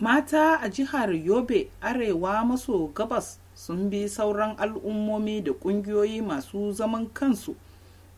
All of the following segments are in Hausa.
mata a jihar yobe arewa maso gabas sun bi sauran al'ummomi da ƙungiyoyi masu zaman kansu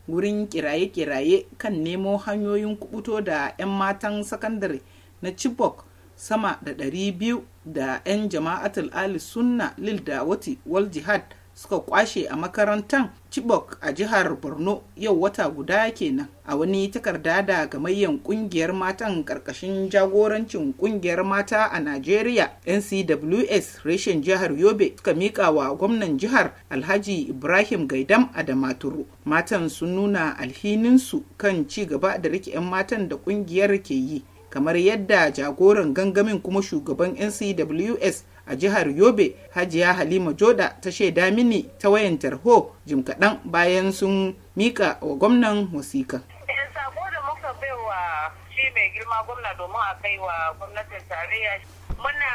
wurin kiraye-kiraye kan nemo hanyoyin kubuto da 'yan matan sakandare na chibok sama da 200 da 'yan jama'atul ali sunna lil dawati wal jihad suka kwashe a makarantar Chibok a jihar Borno yau wata guda kenan a wani takarda da gamayyan kungiyar matan karkashin jagorancin kungiyar mata a Najeriya NCWS reshen jihar Yobe suka mika wa gwamnan jihar Alhaji Ibrahim Gaidam Adamaturu. Matan sun nuna alhininsu kan ci gaba da rike 'yan matan da kungiyar ke yi kamar yadda jagoran gangamin kuma shugaban NCWS a jihar yobe hajiya halima joda ta shaida mini ta wayan tarho jim kaɗan bayan sun mika wa gwamnan wasiƙa. Eh, sako da muka bai wa shi mai girma gwamna domin a kai wa gwamnatin tarayya muna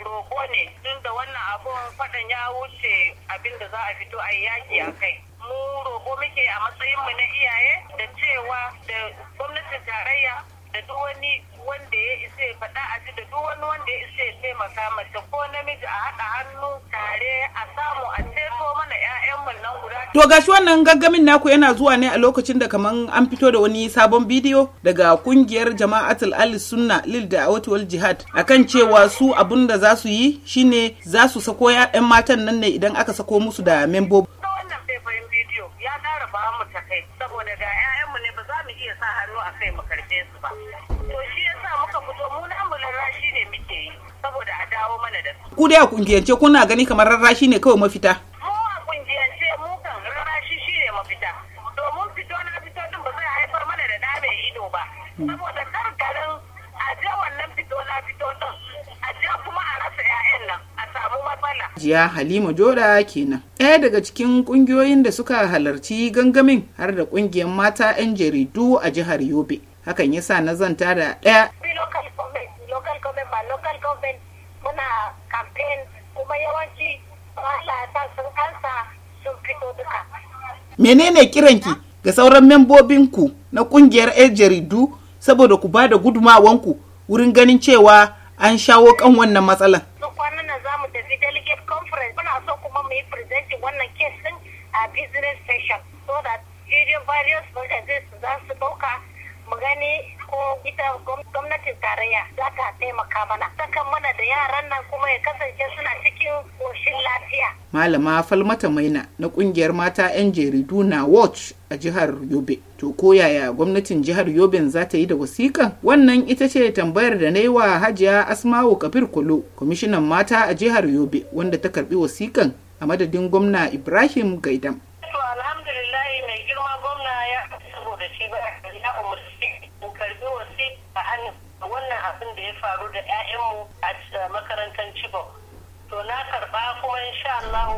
roko ne tun da wannan abun faɗan ya wuce abin da za a fito a yaki a kai mu roko muke a matsayinmu na iyaye da cewa da gwamnatin tarayya da duk wani wanda ya isa ya faɗa a ji da duk wani wanda ya isa ya taimaka mace ko namiji a haɗa hannu tare a samu a ceto mana 'ya'yanmu nan guda. To gashi wannan gaggamin naku yana zuwa ne a lokacin da kaman an fito da wani sabon bidiyo daga kungiyar jama'atul ali sunna lil da wal jihad akan cewa su abun da za su yi shine za su sako 'ya'yan matan nan ne idan aka sako musu da membobi. Wannan faifan bidiyo ya ƙara ba mu ta kai saboda ga 'ya'yanmu ne ba za mu iya sa hannu a kai karbe to shi muka fito mu namu ne muke yi saboda a dawo mana ku dai kungiyance kuna gani kamar shi ne kawai mafita da ido jiya halima joda kenan ɗaya daga cikin ƙungiyoyin da suka halarci gangamin har da ƙungiyar mata 'yan jaridu a jihar Yobe. hakan yasa na zanta da ɗaya muna campaign kuma yawanci Allah sun kansa sun fito duka. Menene kiranki ga sauran membobinku na kungiyar 'yan jaridu saboda ku ba da gudumawanku wurin ganin cewa an shawo kan wannan matsalan. kwanan nan za tafi delegate conference muna so kuma mu yi presenting wannan case din a business session so that various organizations za su dauka mu gani ko ita gwamnatin tarayya za ta taimaka mana sakan mana da yaran nan kuma ya kasance suna cikin koshin lafiya. Malama Falmata Maina na ƙungiyar mata 'yan jaridu na Watch a jihar Yobe. To ko yaya gwamnatin jihar Yobe za ta yi da wasiƙa? Wannan ita ce tambayar da na yi wa Hajiya Asma'u Kabir Kolo, kwamishinan mata a jihar Yobe, wanda ta karɓi wasiƙan a madadin gwamna Ibrahim Gaidam. faru da 'ya'yanmu a makarantar Chibok. To na karɓa kuma insha Allah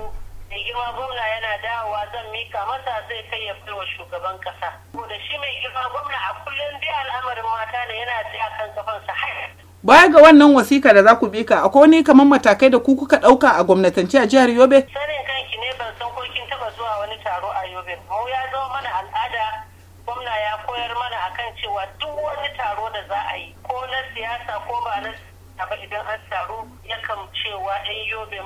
mai girma gwamna yana dawowa zan mika masa zai kai ya wa shugaban kasa. da shi mai girma gwamna a kullum dai al'amarin mata ne yana tsaya kan kafansa har. Baya ga wannan wasika da za ku bika, akwai wani kamar matakai da ku kuka ɗauka a gwamnatance a jihar Yobe? Sanin kanki ne ban san ko kin taɓa zuwa wani taro a Yobe. Mau ya zama mana al'ada, gwamna ya koyar mana akan cewa duk wani taro da za sa ko ba na ba idan an taru yakan cewa in yobe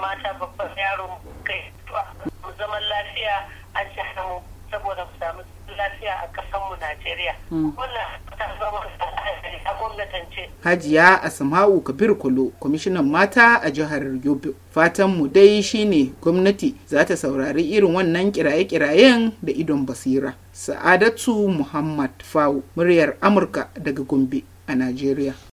mata babban yaro kai zaman lafiya an ci hannu saboda mu samu lafiya a kasanmu Najeriya. Hmm. Wannan ta zama a gwamnatance. Hajiya Asma'u Kabir Kulo, kwamishinan mata a jihar Yobe. Fatan mu dai shine gwamnati za ta saurari irin wannan kiraye-kirayen da idon basira. Sa'adatu Muhammad Fawu, muryar Amurka daga Gombe. and Nigeria.